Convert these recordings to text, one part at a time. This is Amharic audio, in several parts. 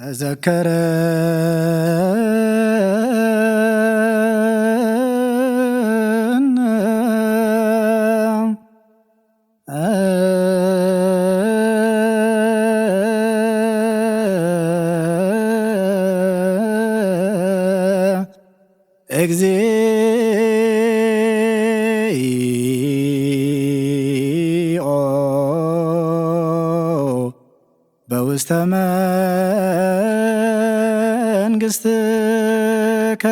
ተዘከረ እግዚእ ውስተ መንግሥትከ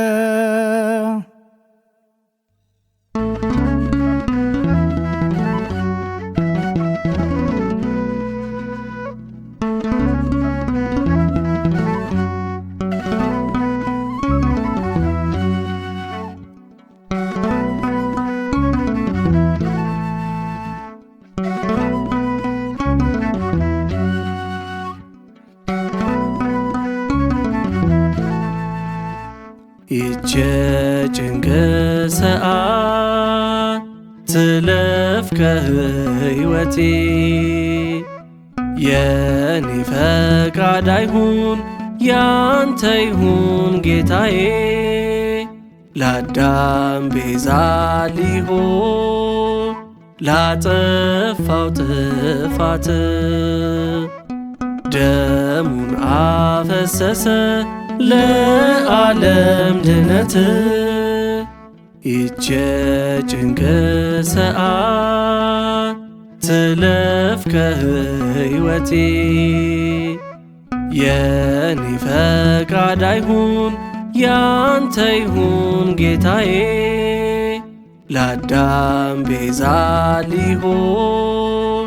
ጭንቅ ሰዓት ትለፍ ከህይወቴ የኔ ፈቃድ አይሁን ያንተ ይሁን ጌታዬ ለአዳም ቤዛ ሊሆን ላጠፋው ጥፋት ደሙን አፈሰሰ ለዓለም ድነት ይቼ ጭንቅ ሰዓት ትለፍ ከህይወቴ የኔ ፈቃድ አይሁን ያንተ ይሁን ጌታዬ ለአዳም ቤዛ ሊሆን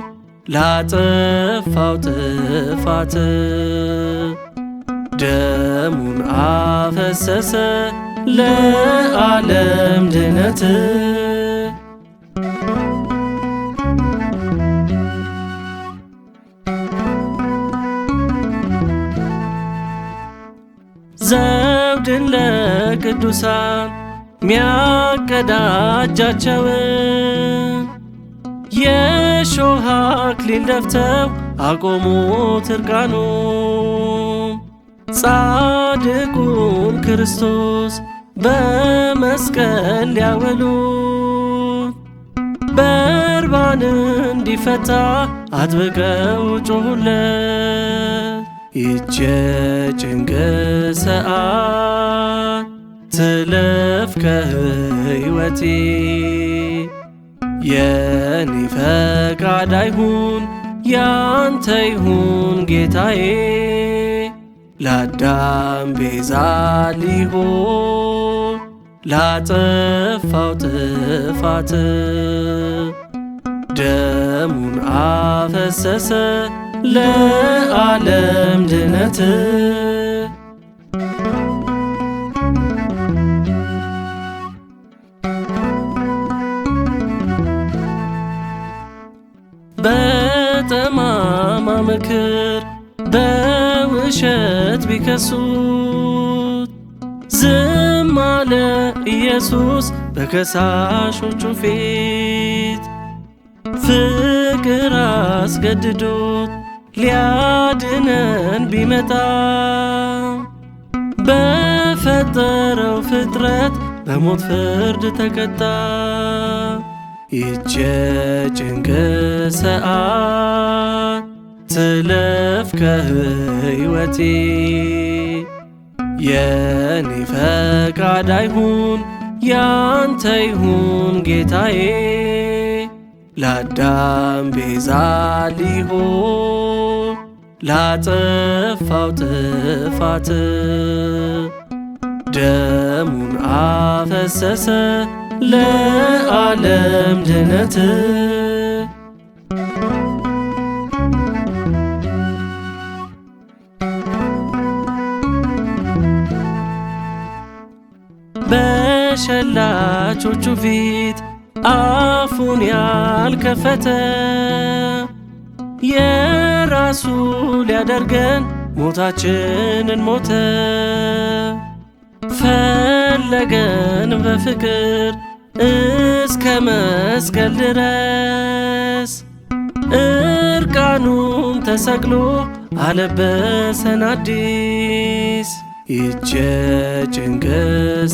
ላጠፋው ጥፋት ደሙን አፈሰሰ ለዓለም ድነት ዘውድን ለቅዱሳን ሚያቀዳጃቸው የሾህ አክሊል ደፍተው አቆሙት እርቃኑን ጻድቁን ክርስቶስ በመስቀል ሊያውሉት በርባን እንዲፈታ አጥብቀው ጮሁለት። ይች የጭንቅ ሰዓት ትለፍ ከሕይወቴ የኔ ፈቃድ አይሁን ያንተ ይሁን ጌታዬ ለአዳም ቤዛ ሊሆን ላጠፋው ጥፋት ደሙን አፈሰሰ ለዓለም ድነት በጠማማ ምክር በውሸት ቢከሱት ዝም አለ ኢየሱስ በከሳሾቹ ፊት። ፍቅር አስገድዶት ሊያድነን ቢመጣ በፈጠረው ፍጥረት በሞት ፍርድ ተቀጣ። ይቼ ጭንቅ ሰዓት አትለፍ ከህይወቴ የኔ ፈቃድ አይሁን ያንተ ይሁን ጌታዬ ለአዳም ቤዛ ሊሆን ላጠፋው ጥፋት ደሙን አፈሰሰ ለዓለም ድነትን በሸላቾቹ ፊት አፉን ያልከፈተ የራሱ ሊያደርገን ሞታችንን ሞተ። ፈለገን በፍቅር እስከ መስቀል ድረስ እርቃኑን ተሰቅሎ አለበሰን አዲስ ጭንቅ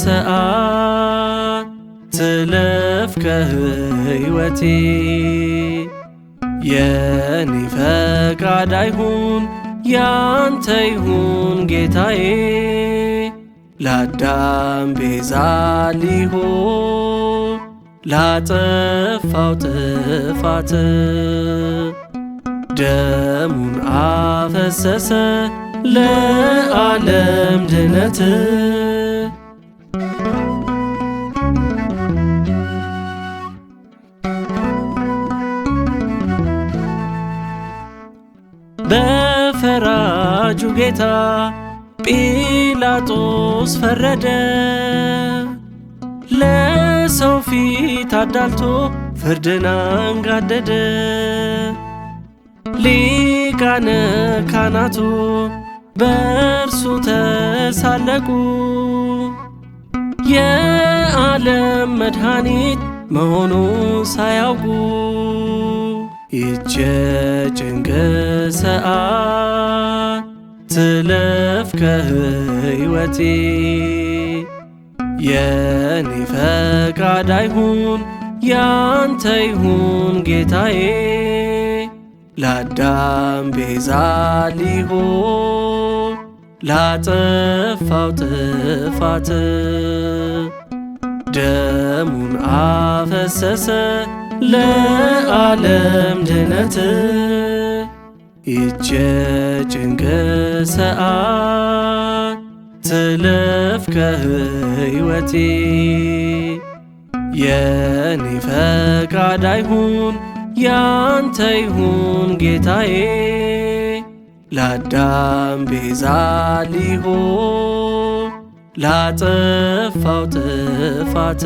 ሰዓት ትለፍ ከህይወቴ የኔ ፈቃድ አይሁን ያንተ ይሁን ጌታዬ ለአዳም ቤዛ ሊሆን ላጠፋው ጥፋት ደሙን አፈሰሰ ለዓለም ድነት በፈራጁ ጌታ ጲላጦስ ፈረደ ለሰው ፊት አዳልቶ ፍርድን አንጋደደ ሊቃነ ካህናቱ በእርሱ ተሳለቁ። የዓለም መድኃኒት መሆኑ ሳያውቁ ይች የጭንቅ ሰዓት ትለፍ ከህይወቴ የኔ ፈቃድ አይሁን ያንተ ይሁን ጌታዬ ለአዳም ቤዛ ሊሆን ላጠፋው ጥፋት ደሙን አፈሰሰ ለዓለም ድነት ጭንቅ ሰዓት ትለፍ ከህይወቴ የኔ ፈቃድ አይሁን ያንተ ይሁን ጌታዬ ለአዳም ቤዛ ሊሆን ላጠፋው ጥፋት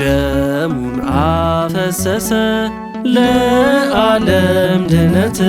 ደሙን አፈሰሰ ለዓለም ድነት